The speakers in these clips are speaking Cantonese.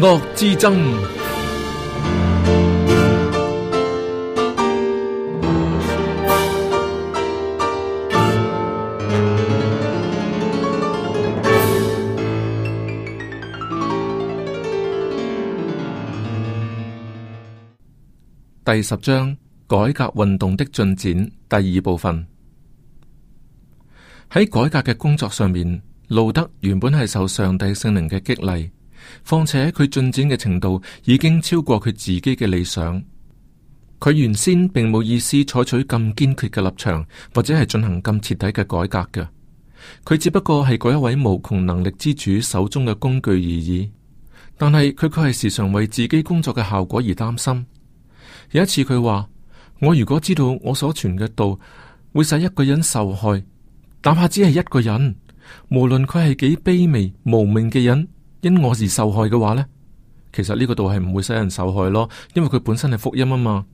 惡之爭，第十章，改革運動的進展，第二部分。喺改革嘅工作上面，路德原本係受上帝聖靈嘅激勵。況且佢進展嘅程度已經超過佢自己嘅理想。佢原先並冇意思採取咁堅決嘅立場，或者係進行咁徹底嘅改革嘅。佢只不過係嗰一位無窮能力之主手中嘅工具而已。但係佢卻係時常為自己工作嘅效果而擔心。有一次佢話：我如果知道我所傳嘅道會使一個人受害，哪怕只係一個人，無論佢係幾卑微無名嘅人。因我而受害嘅話呢，其實呢個道係唔會使人受害咯，因為佢本身係福音啊嘛。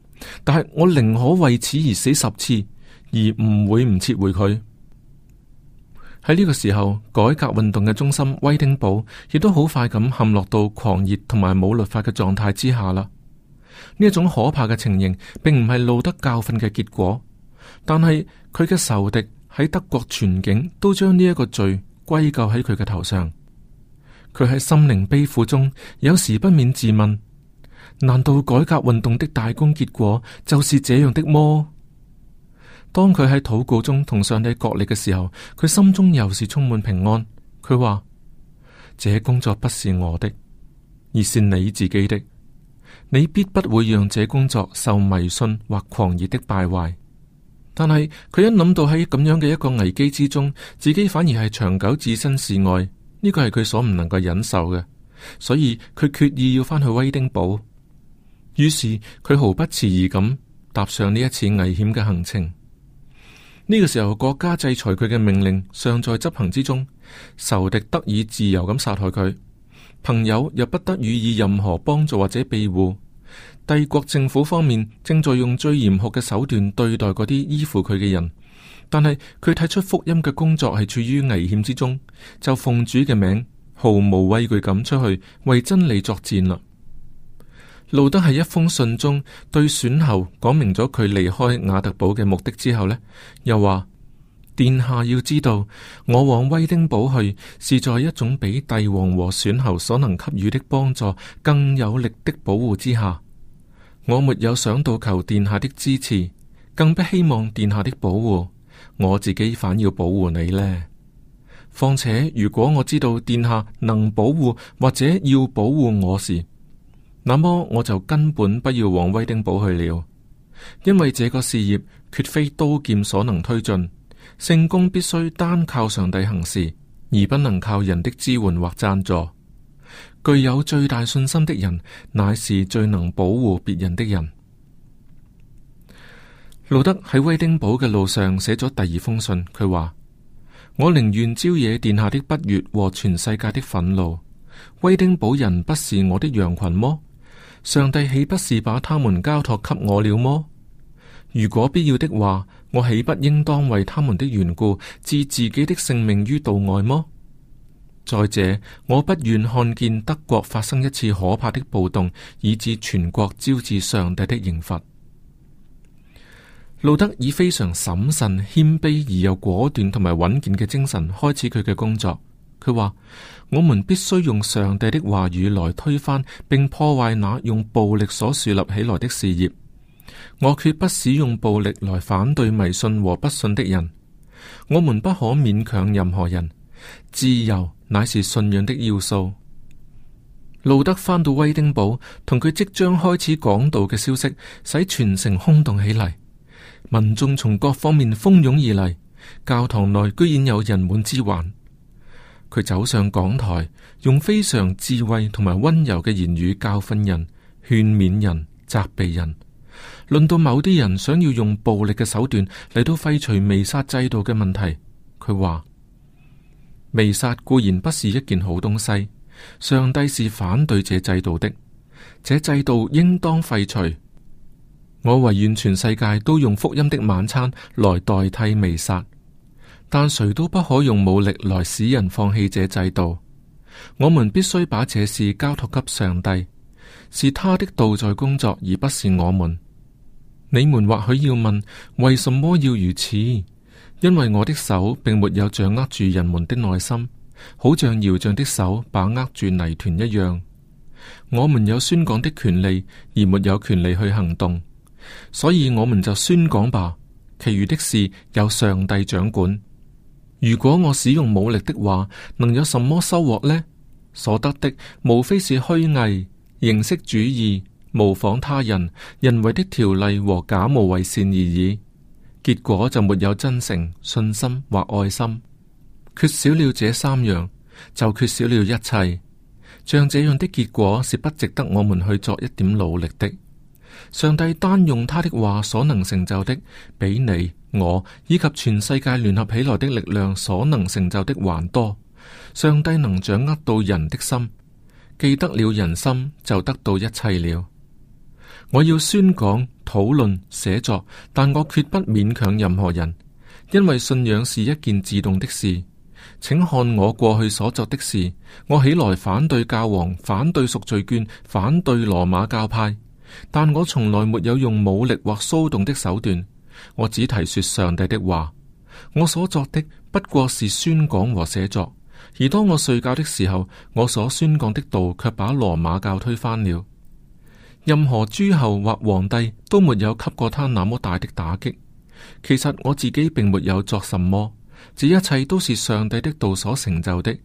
但係我寧可為此而死十次，而唔會唔撤回佢。喺呢個時候，改革運動嘅中心威丁堡亦都好快咁陷落到狂熱同埋冇律法嘅狀態之下啦。呢一種可怕嘅情形，並唔係路德教訓嘅結果，但係佢嘅仇敵喺德國全境都將呢一個罪歸咎喺佢嘅頭上。佢喺心靈悲苦中，有時不免自問：難道改革運動的大功結果就是這樣的麼？當佢喺禱告中同上帝角力嘅時候，佢心中又是充滿平安。佢話：這工作不是我的，而是你自己的。你必不會讓這工作受迷信或狂熱的敗壞。但係佢一諗到喺咁樣嘅一個危機之中，自己反而係長久置身事外。呢個係佢所唔能夠忍受嘅，所以佢決意要返去威丁堡。於是佢毫不遲疑咁踏上呢一次危險嘅行程。呢個時候國家制裁佢嘅命令尚在執行之中，仇敵得以自由咁殺害佢，朋友又不得予以任何幫助或者庇護。帝國政府方面正在用最嚴酷嘅手段對待嗰啲依附佢嘅人。但係佢睇出福音嘅工作係處於危險之中，就奉主嘅名毫無畏懼咁出去為真理作戰啦。路德喺一封信中對選侯講明咗佢離開瓦特堡嘅目的之後呢，呢又話，殿下要知道，我往威丁堡去是在一種比帝王和選侯所能給予的幫助更有力的保護之下。我沒有想到求殿下的支持，更不希望殿下的保護。我自己反要保護你呢。況且如果我知道殿下能保護或者要保護我時，那麼我就根本不要往威丁堡去了，因為這個事業絕非刀劍所能推進，聖功必須單靠上帝行事，而不能靠人的支援或贊助。具有最大信心的人，乃是最能保護別人的人。路德喺威丁堡嘅路上寫咗第二封信，佢話：我寧願招惹殿下的不悅和全世界的憤怒。威丁堡人不是我的羊群麼？上帝豈不是把他們交託給我了麼？如果必要的話，我豈不應當為他們的緣故置自己的性命於度外麼？再者，我不願看見德國發生一次可怕的暴動，以致全國招致上帝的刑罰。路德以非常審慎、謙卑而又果斷同埋穩健嘅精神開始佢嘅工作。佢話：我們必須用上帝的話語來推翻並破壞那用暴力所樹立起來的事業。我決不使用暴力來反對迷信和不信的人。我們不可勉強任何人。自由乃是信仰的要素。路德翻到威丁堡，同佢即將開始講道嘅消息，使全城轟動起嚟。民眾從各方面蜂擁而來，教堂內居然有人滿之患。佢走上講台，用非常智慧同埋溫柔嘅言語教訓人、勸勉人、責備人。論到某啲人想要用暴力嘅手段嚟到廢除微殺制度嘅問題，佢話微殺固然不是一件好東西，上帝是反對這制度的，這制度應當廢除。我唯願全世界都用福音的晚餐來代替彌撒，但誰都不可用武力來使人放棄這制度。我們必須把這事交托給上帝，是他的道在工作，而不是我們。你們或許要問，為什麼要如此？因為我的手並沒有掌握住人們的內心，好像窯匠的手把握住泥團一樣。我們有宣講的權利，而沒有權利去行動。所以我們就宣講吧，其餘的事由上帝掌管。如果我使用武力的話，能有什麼收穫呢？所得的無非是虛偽、形式主義、模仿他人、人為的條例和假冒偽善而已。結果就沒有真誠、信心或愛心，缺少了這三樣，就缺少了一切。像這樣的結果是不值得我們去作一點努力的。上帝單用他的話所能成就的，比你、我以及全世界聯合起來的力量所能成就的還多。上帝能掌握到人的心，記得了人心就得到一切了。我要宣講、討論、寫作，但我決不勉強任何人，因為信仰是一件自動的事。請看我過去所做的事，我起來反對教皇、反對贖罪券、反對羅馬教派。但我從來沒有用武力或騷動的手段，我只提說上帝的話。我所作的不過是宣講和寫作，而當我睡覺的時候，我所宣講的道卻把羅馬教推翻了。任何諸侯或皇帝都沒有給過他那麼大的打擊。其實我自己並沒有作什麼，這一切都是上帝的道所成就的。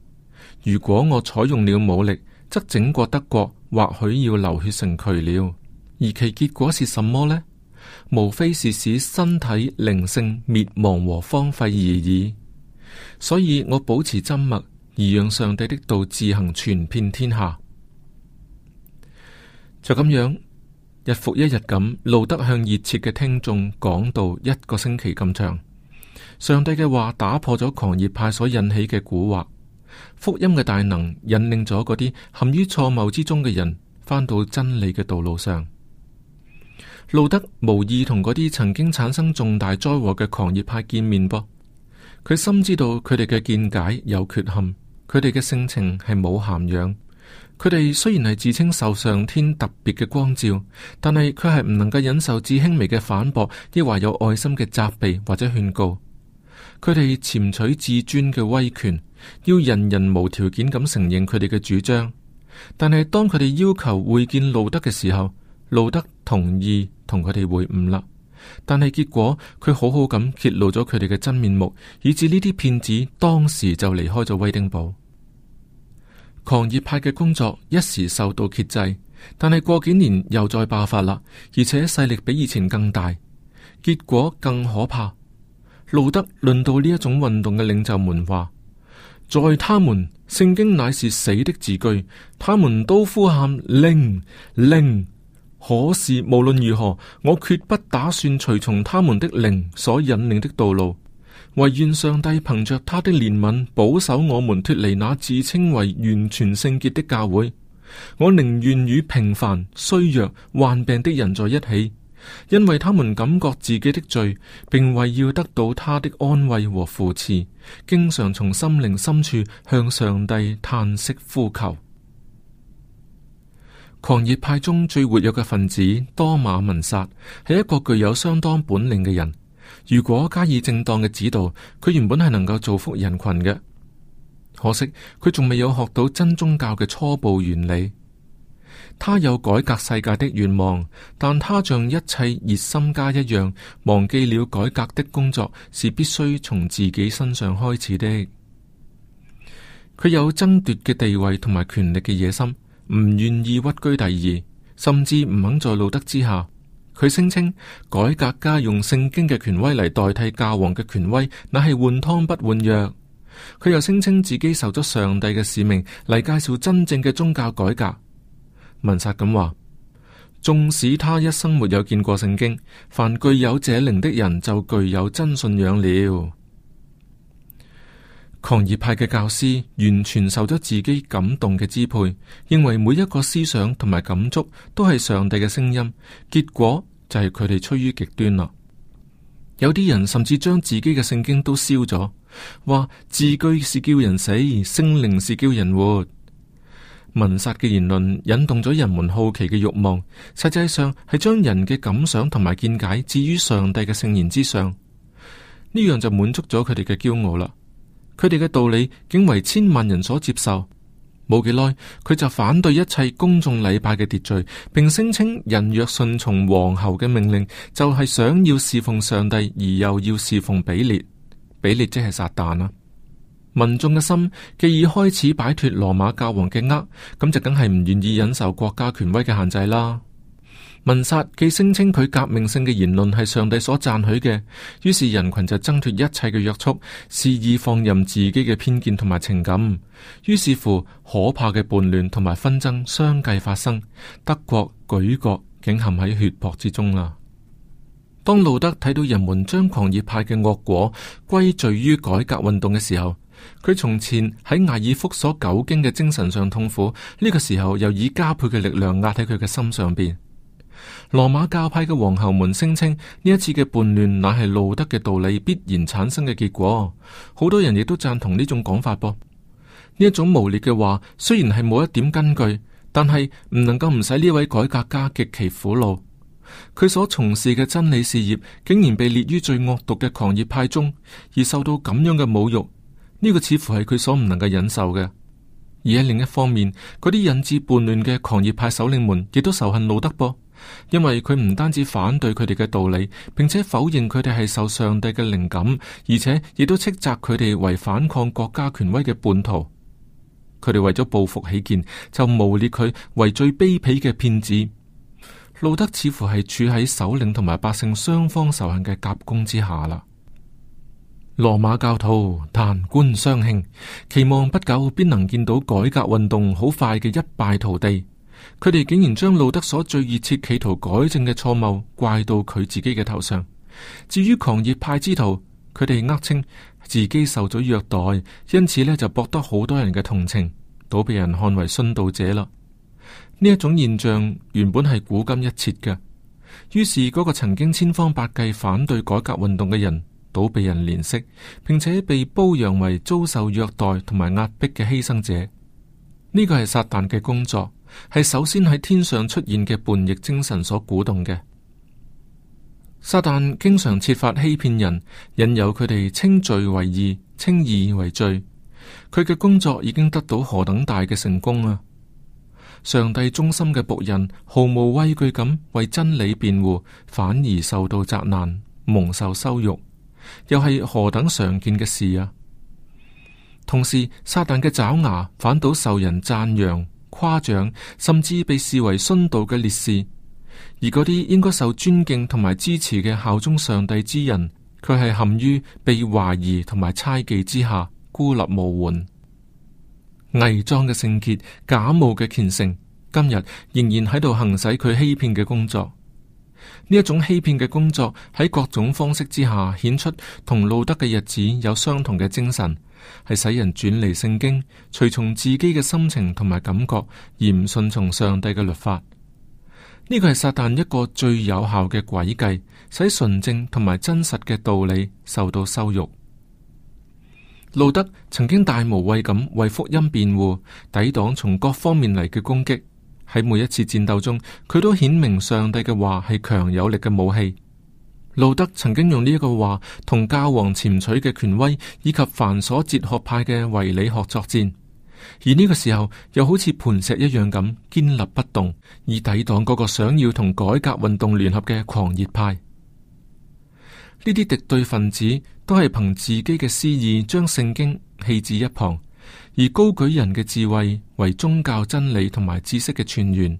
如果我採用了武力，則整個德國或許要流血成渠了。而其結果是什麼呢？無非是使身體靈性滅亡和荒廢而已。所以我保持緘默，而讓上帝的道自行傳遍天下。就咁樣，日復一日咁，路德向熱切嘅聽眾講道，一個星期咁長。上帝嘅話打破咗狂熱派所引起嘅蠱惑，福音嘅大能引領咗嗰啲陷於錯謬之中嘅人，返到真理嘅道路上。路德無意同嗰啲曾經產生重大災禍嘅狂熱派見面噃。佢深知道佢哋嘅見解有缺陷，佢哋嘅性情係冇涵養。佢哋雖然係自稱受上天特別嘅光照，但係佢係唔能夠忍受至輕微嘅反駁，亦或有愛心嘅責備或者勸告。佢哋竊取自尊嘅威權，要人人無條件咁承認佢哋嘅主張。但係當佢哋要求會見路德嘅時候，路德同意同佢哋會晤啦，但係結果佢好好咁揭露咗佢哋嘅真面目，以至呢啲騙子當時就離開咗威丁堡。狂熱派嘅工作一時受到遏制，但係過幾年又再爆發啦，而且勢力比以前更大，結果更可怕。路德論到呢一種運動嘅領袖們話：在他們聖經乃是死的字句，他們都呼喊令令。可是無論如何，我決不打算隨從他們的靈所引領的道路。唯願上帝憑着他的憐憫，保守我們脱離那自稱為完全聖潔的教會。我寧願與平凡、衰弱、患病的人在一起，因為他們感覺自己的罪，並為要得到他的安慰和扶持，經常從心靈深處向上帝嘆息呼求。狂熱派中最活躍嘅分子多馬文薩係一個具有相當本領嘅人。如果加以正當嘅指導，佢原本係能夠造福人群嘅。可惜佢仲未有學到真宗教嘅初步原理。他有改革世界的願望，但他像一切熱心家一樣，忘記了改革的工作是必須從自己身上開始的。佢有爭奪嘅地位同埋權力嘅野心。唔願意屈居第二，甚至唔肯在路德之下。佢聲稱改革家用聖經嘅權威嚟代替教皇嘅權威，那係換湯不換藥。佢又聲稱自己受咗上帝嘅使命嚟介紹真正嘅宗教改革。文薩咁話：縱使他一生沒有見過聖經，凡具有這靈的人就具有真信仰了。狂熱派嘅教師完全受咗自己感動嘅支配，認為每一個思想同埋感觸都係上帝嘅聲音。結果就係佢哋趨於極端啦。有啲人甚至將自己嘅聖經都燒咗，話字句是叫人死，聖靈是叫人活。文殺嘅言論引動咗人們好奇嘅慾望，實際上係將人嘅感想同埋見解置於上帝嘅聖言之上，呢樣就滿足咗佢哋嘅驕傲啦。佢哋嘅道理竟為千萬人所接受，冇幾耐佢就反對一切公眾禮拜嘅秩序，並聲稱人若順從皇后嘅命令，就係、是、想要侍奉上帝而又要侍奉比列，比列即係撒旦啦、啊。民眾嘅心既已開始擺脫羅馬教皇嘅軛，咁就梗係唔願意忍受國家權威嘅限制啦。文薩既聲稱佢革命性嘅言論係上帝所讚許嘅，於是人群就掙脫一切嘅約束，肆意放任自己嘅偏見同埋情感。於是乎，可怕嘅叛亂同埋紛爭相繼發生，德國舉國竟陷喺血泊之中啦。當路德睇到人們將狂熱派嘅惡果歸罪於改革運動嘅時候，佢從前喺艾爾福所久經嘅精神上痛苦，呢、這個時候又以加倍嘅力量壓喺佢嘅心上邊。羅馬教派嘅皇后們聲稱呢一次嘅叛亂乃係路德嘅道理必然產生嘅結果，好多人亦都贊同呢種講法噃。呢一種無力嘅話，雖然係冇一點根據，但係唔能夠唔使呢位改革家極其苦惱。佢所從事嘅真理事業竟然被列於最惡毒嘅狂熱派中，而受到咁樣嘅侮辱，呢、這個似乎係佢所唔能夠忍受嘅。而喺另一方面，嗰啲引致叛亂嘅狂熱派首領們亦都仇恨路德噃。因為佢唔單止反對佢哋嘅道理，並且否認佢哋係受上帝嘅靈感，而且亦都斥責佢哋為反抗國家權威嘅叛徒。佢哋為咗報復起見，就污蔑佢為最卑鄙嘅騙子。路德似乎係處喺首領同埋百姓雙方仇恨嘅夾攻之下啦。羅馬教徒彈冠相慶，期望不久便能見到改革運動好快嘅一敗塗地。佢哋竟然將路德所最熱切企圖改正嘅錯謬怪到佢自己嘅頭上。至於狂熱派之徒，佢哋訛稱自己受咗虐待，因此呢就博得好多人嘅同情，倒被人看為殉道者啦。呢一種現象原本係古今一轍嘅。於是嗰個曾經千方百計反對改革運動嘅人，倒被人憐惜，並且被褒揚為遭受虐待同埋壓迫嘅犧牲者。呢個係撒旦嘅工作。係首先喺天上出現嘅叛逆精神所鼓動嘅。撒旦經常設法欺騙人，引誘佢哋稱罪為義，稱義為罪。佢嘅工作已經得到何等大嘅成功啊！上帝忠心嘅僕人毫無畏懼咁為真理辯護，反而受到責難，蒙受羞辱，又係何等常見嘅事啊！同時，撒旦嘅爪牙反倒受人讚揚、誇獎，甚至被視為殉道嘅烈士；而嗰啲應該受尊敬同埋支持嘅效忠上帝之人，佢係陷於被懷疑同埋猜忌之下，孤立無援。偽裝嘅聖潔、假冒嘅虔誠，今日仍然喺度行使佢欺騙嘅工作。呢一種欺騙嘅工作喺各種方式之下，顯出同路德嘅日子有相同嘅精神。係使人轉離聖經，隨從自己嘅心情同埋感覺，而唔順從上帝嘅律法。呢個係撒旦一個最有效嘅詭計，使純正同埋真實嘅道理受到羞辱。路德曾經大無畏咁為福音辯護，抵擋從各方面嚟嘅攻擊。喺每一次戰鬥中，佢都顯明上帝嘅話係強有力嘅武器。路德曾經用呢一個話同教皇僭取嘅權威以及繁瑣哲學派嘅唯理學作戰，而呢個時候又好似磐石一樣咁堅立不動，以抵擋嗰個想要同改革運動聯合嘅狂熱派。呢啲敵對分子都係憑自己嘅私意將聖經棄置一旁，而高舉人嘅智慧為宗教真理同埋知識嘅泉源。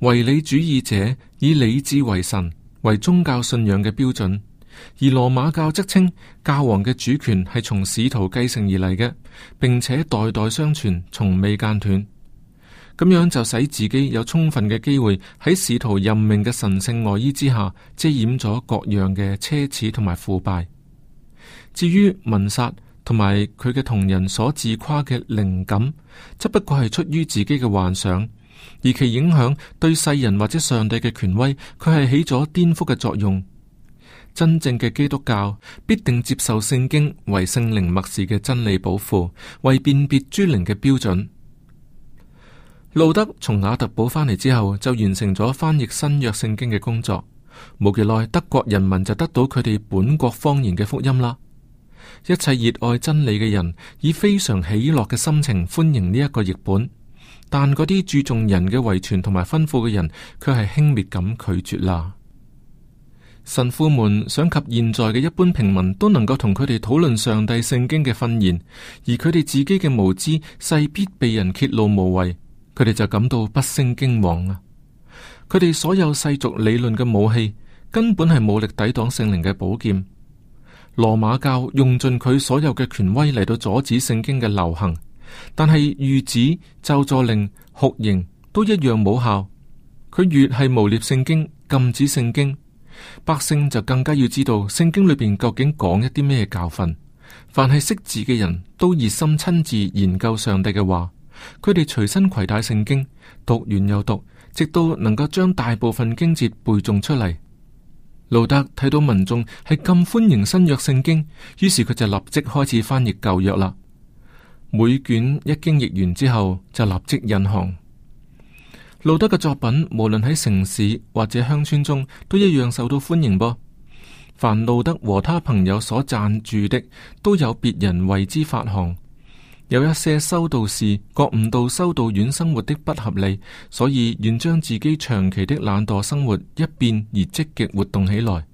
唯理主義者以理智為神。為宗教信仰嘅標準，而羅馬教則稱教皇嘅主權係從使徒繼承而嚟嘅，並且代代相傳，從未間斷。咁樣就使自己有充分嘅機會喺使徒任命嘅神聖外衣之下，遮掩咗各樣嘅奢侈同埋腐敗。至於文殺同埋佢嘅同人所自誇嘅靈感，則不過係出於自己嘅幻想。而其影響對世人或者上帝嘅權威，佢係起咗顛覆嘅作用。真正嘅基督教必定接受聖經為聖靈默示嘅真理保護，為辨別諸靈嘅標準。路德從瓦特堡翻嚟之後，就完成咗翻譯新約聖經嘅工作。無幾耐，德國人民就得到佢哋本國方言嘅福音啦。一切熱愛真理嘅人，以非常喜樂嘅心情歡迎呢一個譯本。但嗰啲注重人嘅遺傳同埋吩咐嘅人，佢係輕蔑咁拒絕啦。神父們想及現在嘅一般平民都能夠同佢哋討論上帝聖經嘅訓言，而佢哋自己嘅無知勢必被人揭露無遺，佢哋就感到不勝驚惶啦。佢哋所有世俗理論嘅武器根本係冇力抵擋聖靈嘅寶劍。羅馬教用盡佢所有嘅權威嚟到阻止聖經嘅流行。但係諭旨、咒助令、酷刑都一樣冇效。佢越係污蔑聖經、禁止聖經，百姓就更加要知道聖經裏邊究竟講一啲咩教訓。凡係識字嘅人都熱心親自研究上帝嘅話，佢哋隨身携帶聖經，讀完又讀，直到能夠將大部分經節背誦出嚟。路德睇到民眾係咁歡迎新約聖經，於是佢就立即開始翻譯舊約啦。每卷一經譯完之後，就立即印行。路德嘅作品無論喺城市或者鄉村中，都一樣受到歡迎噃。凡路德和他朋友所贊助的，都有別人為之發行。有一些修道士覺悟到修道院生活的不合理，所以願將自己長期的懶惰生活一變而積極活動起來。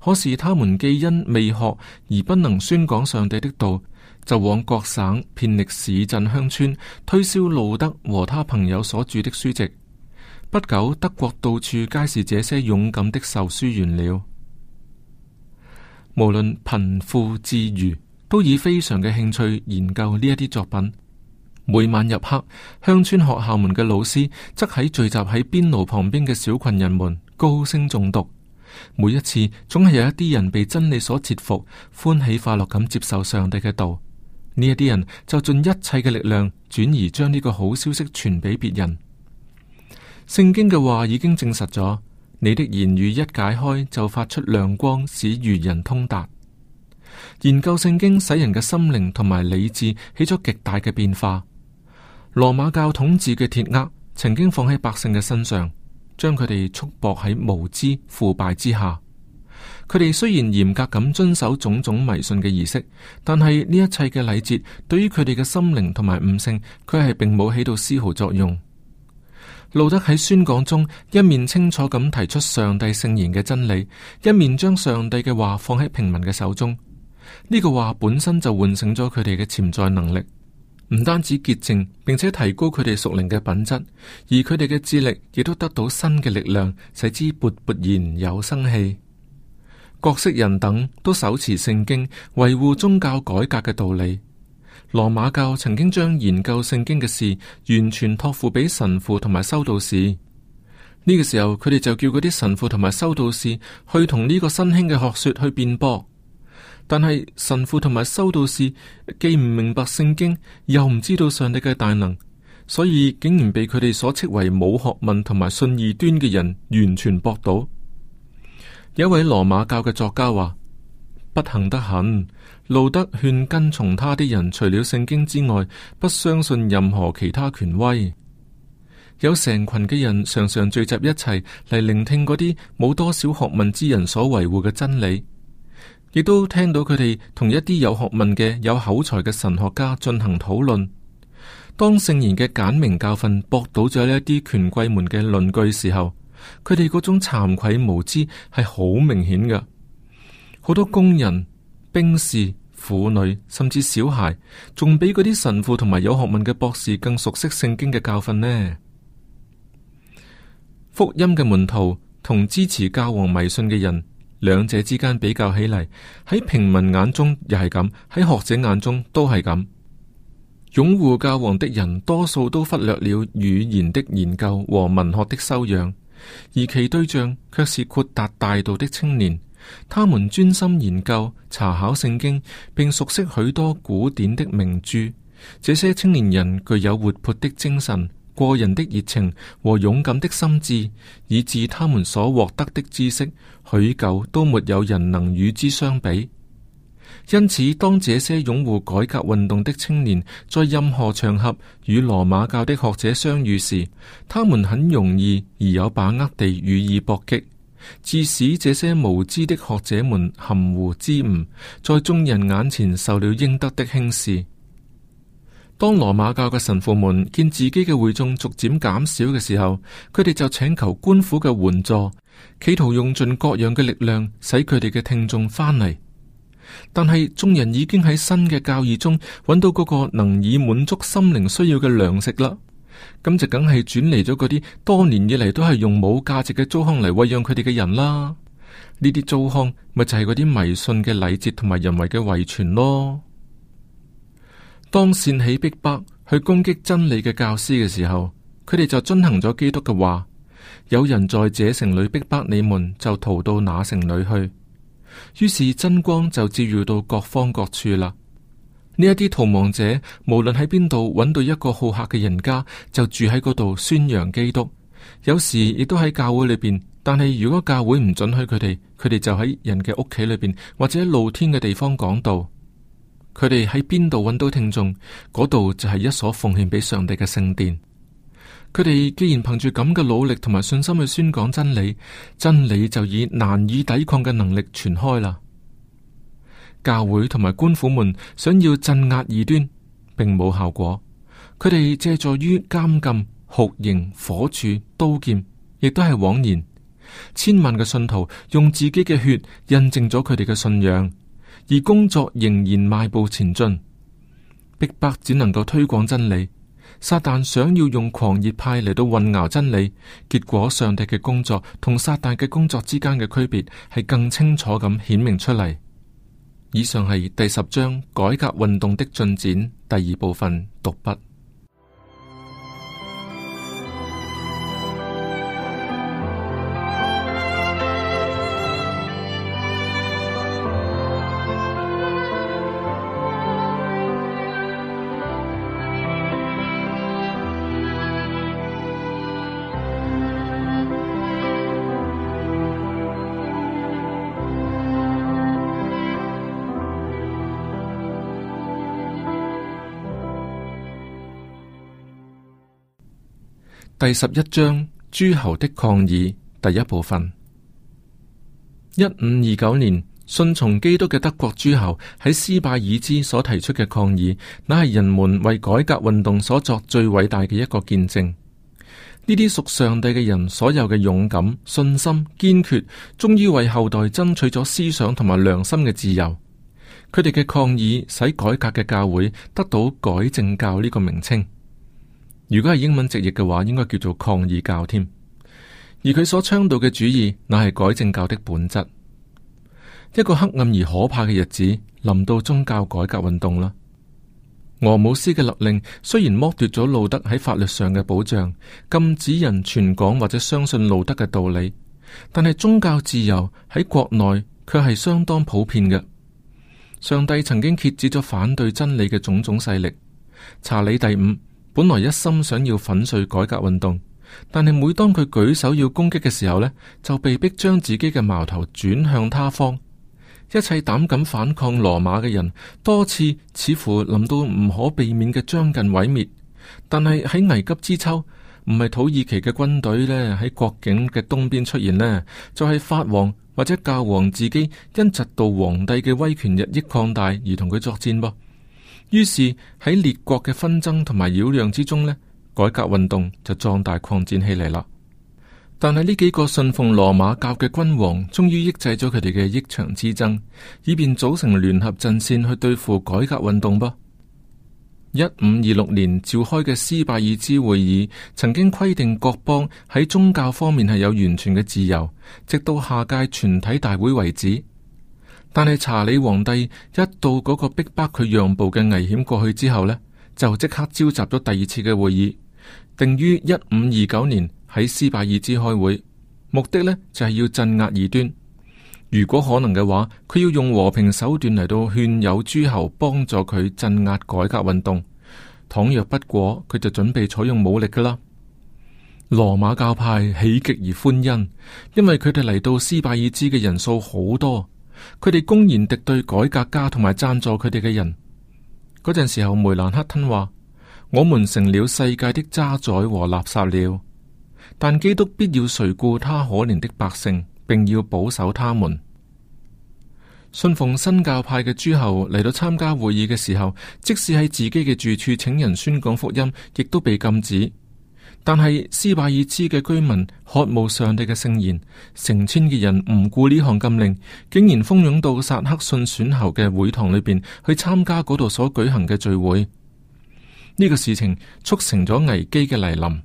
可是他們既因未學而不能宣講上帝的道。就往各省遍歷市鎮鄉村推銷路德和他朋友所著的書籍。不久，德國到處皆是這些勇敢的售書員了。無論貧富智愚，都以非常嘅興趣研究呢一啲作品。每晚入黑，鄉村學校門嘅老師則喺聚集喺邊爐旁邊嘅小群人們高聲誦讀。每一次，總係有一啲人被真理所折服，歡喜快樂咁接受上帝嘅道。呢一啲人就盡一切嘅力量，轉移將呢個好消息傳俾別人。聖經嘅話已經證實咗，你的言語一解開就發出亮光，使愚人通達。研究聖經，使人嘅心靈同埋理智起咗極大嘅變化。羅馬教統治嘅鐵軛，曾經放喺百姓嘅身上，將佢哋束縛喺無知腐敗之下。佢哋雖然嚴格咁遵守種種迷信嘅儀式，但係呢一切嘅禮節對於佢哋嘅心靈同埋悟性，佢係並冇起到絲毫作用。路德喺宣講中一面清楚咁提出上帝聖言嘅真理，一面將上帝嘅話放喺平民嘅手中。呢個話本身就喚醒咗佢哋嘅潛在能力，唔單止潔淨，並且提高佢哋屬靈嘅品質，而佢哋嘅智力亦都得到新嘅力量，使之勃勃然有生氣。各色人等都手持聖經，維護宗教改革嘅道理。羅馬教曾經將研究聖經嘅事完全託付俾神父同埋修道士。呢、這個時候，佢哋就叫嗰啲神父同埋修道士去同呢個新興嘅學說去辯駁。但係神父同埋修道士既唔明白聖經，又唔知道上帝嘅大能，所以竟然被佢哋所斥為冇學問同埋信異端嘅人，完全駁倒。一位羅馬教嘅作家話：不幸得很，路德勸跟從他啲人，除了聖經之外，不相信任何其他權威。有成群嘅人常常聚集一齊嚟，聆聽嗰啲冇多少學問之人所維護嘅真理，亦都聽到佢哋同一啲有學問嘅有口才嘅神學家進行討論。當聖賢嘅簡明教訓駁倒咗呢一啲權貴們嘅論據時候，佢哋嗰種慚愧無知係好明顯㗎，好多工人、兵士、婦女甚至小孩，仲比嗰啲神父同埋有學問嘅博士更熟悉聖經嘅教訓呢？福音嘅門徒同支持教皇迷信嘅人，兩者之間比較起嚟，喺平民眼中又係咁，喺學者眼中都係咁。擁護教皇的人，多數都忽略了語言的研究和文學的修養。而其對象卻是豁達大度的青年，他們專心研究、查考聖經，並熟悉許多古典的名著。這些青年人具有活潑的精神、過人的熱情和勇敢的心智，以致他們所獲得的知識，許久都沒有人能與之相比。因此，當這些擁護改革運動的青年在任何場合與羅馬教的學者相遇時，他們很容易而有把握地予以搏擊，致使這些無知的學者們含糊之誤，在眾人眼前受了應得的輕視。當羅馬教嘅神父們見自己嘅會眾逐漸減少嘅時候，佢哋就請求官府嘅援助，企圖用盡各樣嘅力量使佢哋嘅聽眾翻嚟。但係，眾人已經喺新嘅教義中揾到嗰個能以滿足心靈需要嘅糧食啦，咁就梗係轉嚟咗嗰啲多年以嚟都係用冇價值嘅糟糠嚟餵養佢哋嘅人啦。呢啲糟糠咪就係嗰啲迷信嘅禮節同埋人為嘅遺傳咯。當善起逼迫去攻擊真理嘅教師嘅時候，佢哋就遵行咗基督嘅話：有人在這城裏逼迫你們，就逃到那城裏去。於是真光就照耀到各方各處啦。呢一啲逃亡者，無論喺邊度搵到一個好客嘅人家，就住喺嗰度宣揚基督。有時亦都喺教會裏邊，但係如果教會唔准許佢哋，佢哋就喺人嘅屋企裏邊或者露天嘅地方講道。佢哋喺邊度搵到聽眾，嗰度就係一所奉獻俾上帝嘅聖殿。佢哋既然憑住咁嘅努力同埋信心去宣講真理，真理就以難以抵抗嘅能力傳開啦。教會同埋官府們想要鎮壓異端，並冇效果。佢哋借助於監禁、酷刑、火柱、刀劍，亦都係枉然。千萬嘅信徒用自己嘅血印證咗佢哋嘅信仰，而工作仍然邁步前進，逼迫只能夠推廣真理。撒旦想要用狂熱派嚟到混淆真理，結果上帝嘅工作同撒旦嘅工作之間嘅區別係更清楚咁顯明出嚟。以上係第十章改革運動的進展第二部分讀筆。第十一章諸侯的抗議第一部分。一五二九年，信從基督嘅德國諸侯喺斯拜爾之所提出嘅抗議，乃係人們為改革運動所作最偉大嘅一個見證。呢啲屬上帝嘅人，所有嘅勇敢、信心、堅決，終於為後代爭取咗思想同埋良心嘅自由。佢哋嘅抗議，使改革嘅教會得到改正教呢個名稱。如果係英文直譯嘅話，應該叫做抗議教添。而佢所倡導嘅主義，乃係改正教的本質。一個黑暗而可怕嘅日子，臨到宗教改革運動啦。俄姆斯嘅勒令雖然剝奪咗路德喺法律上嘅保障，禁止人傳講或者相信路德嘅道理，但係宗教自由喺國內卻係相當普遍嘅。上帝曾經揭止咗反對真理嘅種種勢力。查理第五。本來一心想要粉碎改革運動，但係每當佢舉手要攻擊嘅時候呢，就被逼將自己嘅矛頭轉向他方。一切膽敢反抗羅馬嘅人，多次似乎諗到唔可避免嘅將近毀滅。但係喺危急之秋，唔係土耳其嘅軍隊呢喺國境嘅東邊出現呢，就係法王或者教皇自己因嫉妒皇帝嘅威權日益擴大而同佢作戰噃。於是喺列國嘅紛爭同埋擾攘之中呢，改革運動就壯大擴展起嚟啦。但係呢幾個信奉羅馬教嘅君王，終於抑制咗佢哋嘅益長之爭，以便組成聯合陣線去對付改革運動。噃，一五二六年召開嘅斯拜爾茲會議，曾經規定各邦喺宗教方面係有完全嘅自由，直到下屆全體大會為止。但係查理皇帝一到嗰個逼迫佢讓步嘅危險過去之後呢，就即刻召集咗第二次嘅會議，定於一五二九年喺斯拜爾茲開會。目的呢就係要鎮壓異端，如果可能嘅話，佢要用和平手段嚟到勸誘諸侯幫助佢鎮壓改革運動。倘若不果，佢就準備採用武力噶啦。羅馬教派喜極而歡欣，因為佢哋嚟到斯拜爾茲嘅人數好多。佢哋公然敵對改革家同埋贊助佢哋嘅人，嗰陣時候梅蘭克吞話：我們成了世界的渣滓和垃圾了。但基督必要垂顧他可憐的百姓，並要保守他們。信奉新教派嘅諸侯嚟到參加會議嘅時候，即使喺自己嘅住處請人宣講福音，亦都被禁止。但係斯拜爾茲嘅居民渴慕上帝嘅聖言，成千嘅人唔顧呢項禁令，竟然蜂擁到薩克遜選侯嘅會堂裏邊去參加嗰度所舉行嘅聚會。呢、這個事情促成咗危機嘅來臨。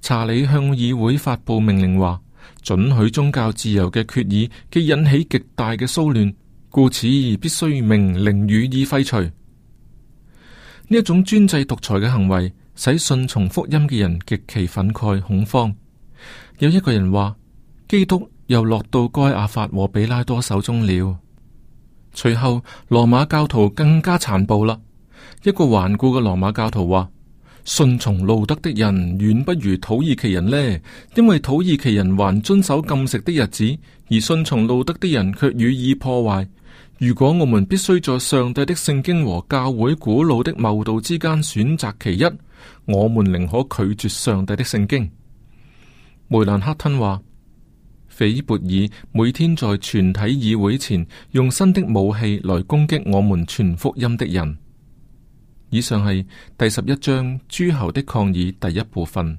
查理向議會發布命令話，准許宗教自由嘅決議，既引起極大嘅騷亂，故此而必須命令予以廢除。呢一種專制獨裁嘅行為。使信從福音嘅人極其憤慨、恐慌。有一個人話：基督又落到該亞法和彼拉多手中了。隨後，羅馬教徒更加殘暴啦。一個頑固嘅羅馬教徒話：信從路德的人遠不如土耳其人呢，因為土耳其人還遵守禁食的日子，而信從路德的人卻予以破壞。如果我們必須在上帝的聖經和教會古老的謬道之間選擇其一，我們寧可拒絕上帝的聖經。梅蘭克吞話，斐伯爾每天在全體議會前用新的武器來攻擊我們全福音的人。以上係第十一章諸侯的抗議第一部分。